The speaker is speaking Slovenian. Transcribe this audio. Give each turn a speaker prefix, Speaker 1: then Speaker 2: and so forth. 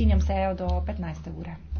Speaker 1: Prekinjam sejo do 15. ure.